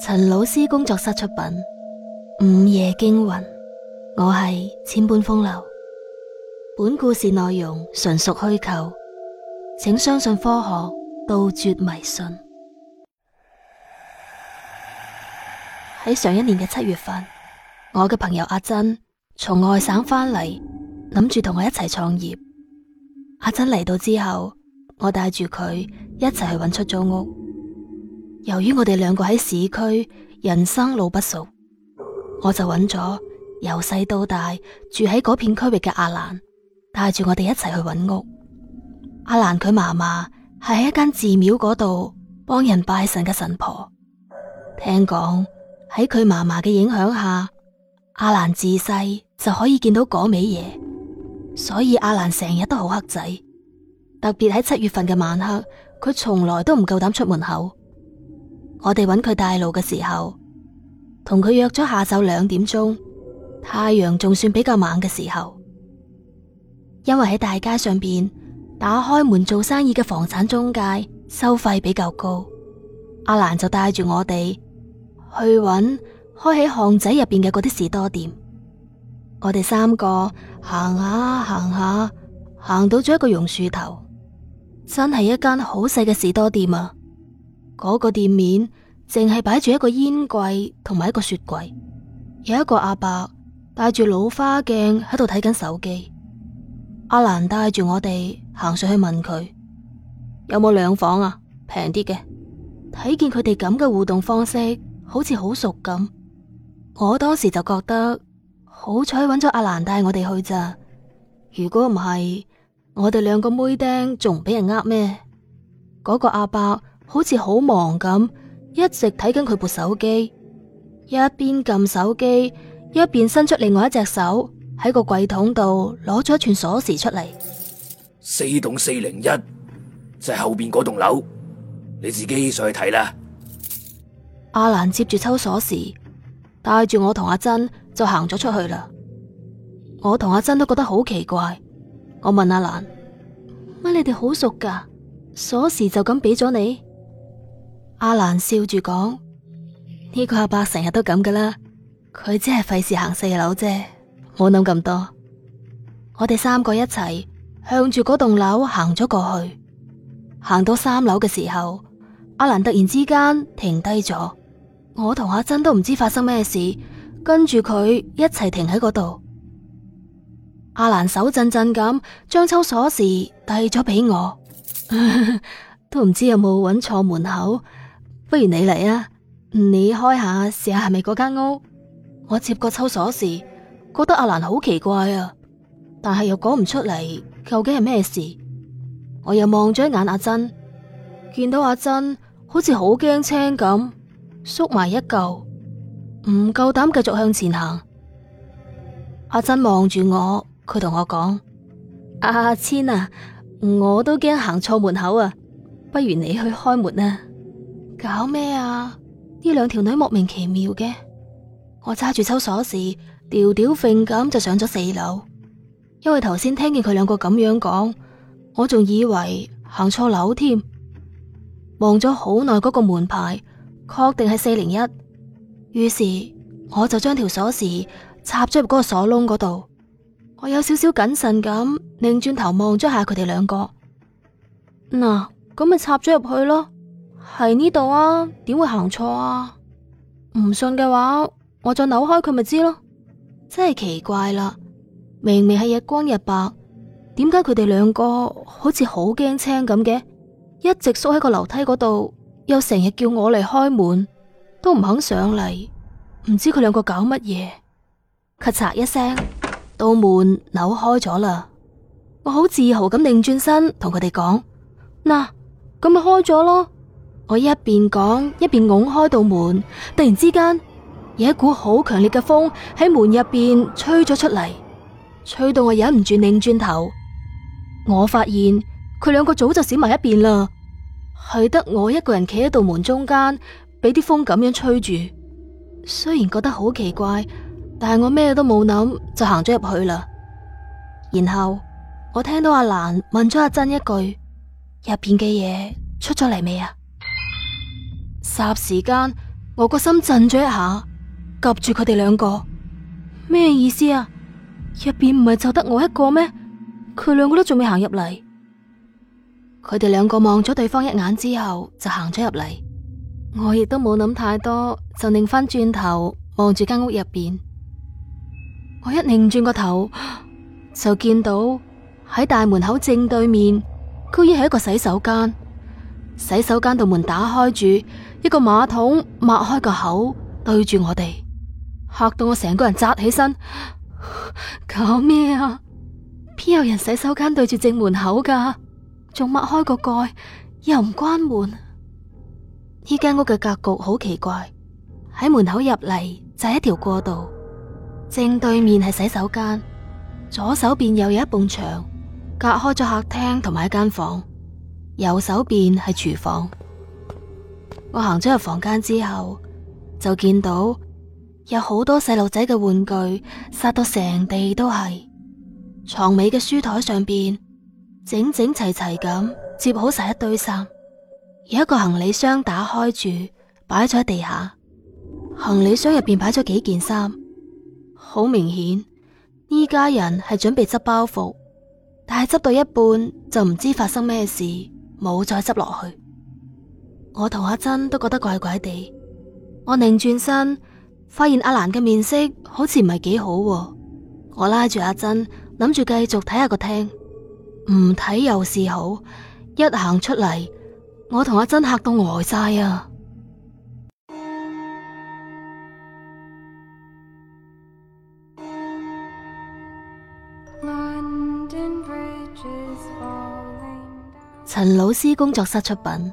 陳老師工作室出品《午夜驚魂》，我係千般風流。本故事內容純屬虛構，請相信科學，杜絕迷信。喺 上一年嘅七月份，我嘅朋友阿珍從外省翻嚟，諗住同我一齊創業。阿珍嚟到之後，我帶住佢一齊去揾出租屋。由於我哋兩個喺市區，人生路不熟，我就揾咗由細到大住喺嗰片區域嘅阿蘭，帶住我哋一齊去揾屋。阿蘭佢媽媽係喺一間寺廟嗰度幫人拜神嘅神婆，聽講喺佢媽媽嘅影響下，阿蘭自細就可以見到嗰味嘢，所以阿蘭成日都好黑仔，特別喺七月份嘅晚黑，佢從來都唔夠膽出門口。我哋揾佢帶路嘅時候，同佢約咗下晝兩點鐘，太陽仲算比較猛嘅時候。因為喺大街上邊打開門做生意嘅房產中介收費比較高，阿蘭就帶住我哋去揾開喺巷仔入邊嘅嗰啲士多店。我哋三個行下、啊、行下、啊，行到咗一個榕樹頭，真係一間好細嘅士多店啊！嗰個店面淨係擺住一個煙櫃同埋一個雪櫃，有一個阿伯戴住老花鏡喺度睇緊手機。阿蘭帶住我哋行上去問佢有冇兩房啊？平啲嘅。睇見佢哋咁嘅互動方式，好似好熟咁。我當時就覺得好彩揾咗阿蘭帶我哋去咋。如果唔係，我哋兩個妹丁仲俾人呃咩？嗰個阿伯。好似好忙咁，一直睇緊佢部手機，一邊撳手機，一邊伸出另外一隻手喺個櫃桶度攞咗一串鎖匙出嚟。四棟四零一就係後邊嗰棟樓，你自己上去睇啦。阿蘭接住抽鎖匙，帶住我同阿珍就行咗出去啦。我同阿珍都覺得好奇怪，我問阿蘭：乜你哋好熟噶？鎖匙就咁俾咗你？阿蘭笑住講：呢個阿伯成日都咁噶啦，佢只係費事行四樓啫，冇諗咁多。我哋三個一齊向住嗰棟樓行咗過去。行到三樓嘅時候，阿蘭突然之間停低咗。我同阿珍都唔知發生咩事，跟住佢一齊停喺嗰度。阿蘭手震震咁將抽鎖匙遞咗俾我， 都唔知有冇揾錯門口。不如你嚟啊！你開下試下係咪嗰間屋？我接過抽鎖匙，覺得阿蘭好奇怪啊，但係又講唔出嚟究竟係咩事。我又望咗一眼阿珍，見到阿珍好似好驚青咁，縮埋一嚿，唔夠膽繼續向前行。阿珍望住我，佢同我講：阿千啊，我都驚行錯門口啊，不如你去開門啊！搞咩啊？呢兩條女莫名其妙嘅，我揸住抽鎖匙，吊吊揈咁就上咗四樓。因為頭先聽見佢兩個咁樣講，我仲以為行錯樓添。望咗好耐嗰個門牌，確定係四零一，於是我就將條鎖匙插咗入嗰個鎖窿嗰度。我有少少謹慎咁擰轉頭望咗下佢哋兩個，嗱咁咪插咗入去咯。係呢度啊！點會行錯啊？唔信嘅話，我再扭開佢咪知咯。真係奇怪啦，明明係日光日白，點解佢哋兩個好似好驚青咁嘅？一直縮喺個樓梯嗰度，又成日叫我嚟開門，都唔肯上嚟，唔知佢兩個搞乜嘢？咔嚓一聲，道門扭開咗啦。我好自豪咁擰轉，轉身同佢哋講：嗱，咁咪開咗咯。我一邊講一邊拱開道門，突然之間有一股好強烈嘅風喺門入邊吹咗出嚟，吹到我忍唔住擰轉頭。我發現佢兩個早就閃埋一邊啦，係得我一個人企喺道門中間，俾啲風咁樣吹住。雖然覺得好奇怪，但係我咩都冇諗，就行咗入去啦。然後我聽到阿蘭問咗阿珍一句：入邊嘅嘢出咗嚟未啊？霎時間，我個心震咗一下，及住佢哋兩個，咩意思啊？入邊唔係就得我一個咩？佢兩個都仲未行入嚟，佢哋兩個望咗對方一眼之後，就行咗入嚟。我亦都冇諗太多，就擰翻轉頭望住間屋入邊。我一擰轉個頭，就見到喺大門口正對面，居然係一個洗手間，洗手間度門打開住。一個馬桶擘開個口對住我哋，嚇到我成個人扎起身。 搞咩啊？邊有人洗手間對住正門口噶，仲擘開個蓋又唔關門。呢間屋嘅格局好奇怪，喺門口入嚟就係、是、一條過道，正對面係洗手間，左手邊又有一埲牆隔開咗客廳同埋一間房，右手邊係廚房。我行咗入房間之後，就見到有好多細路仔嘅玩具撒到成地都係。床尾嘅書台上邊，整整齊齊咁接好晒一堆衫。有一個行李箱打開住，擺咗喺地下。行李箱入邊擺咗幾件衫，好明顯呢家人係準備執包袱，但係執到一半就唔知發生咩事，冇再執落去。我同阿珍都覺得怪怪地，我擰轉身，發現阿蘭嘅面色好似唔係幾好啊。我拉住阿珍，諗住繼續睇下個廳，唔睇又是好。一行出嚟，我同阿珍吓到呆晒啊！陳老師工作室出品。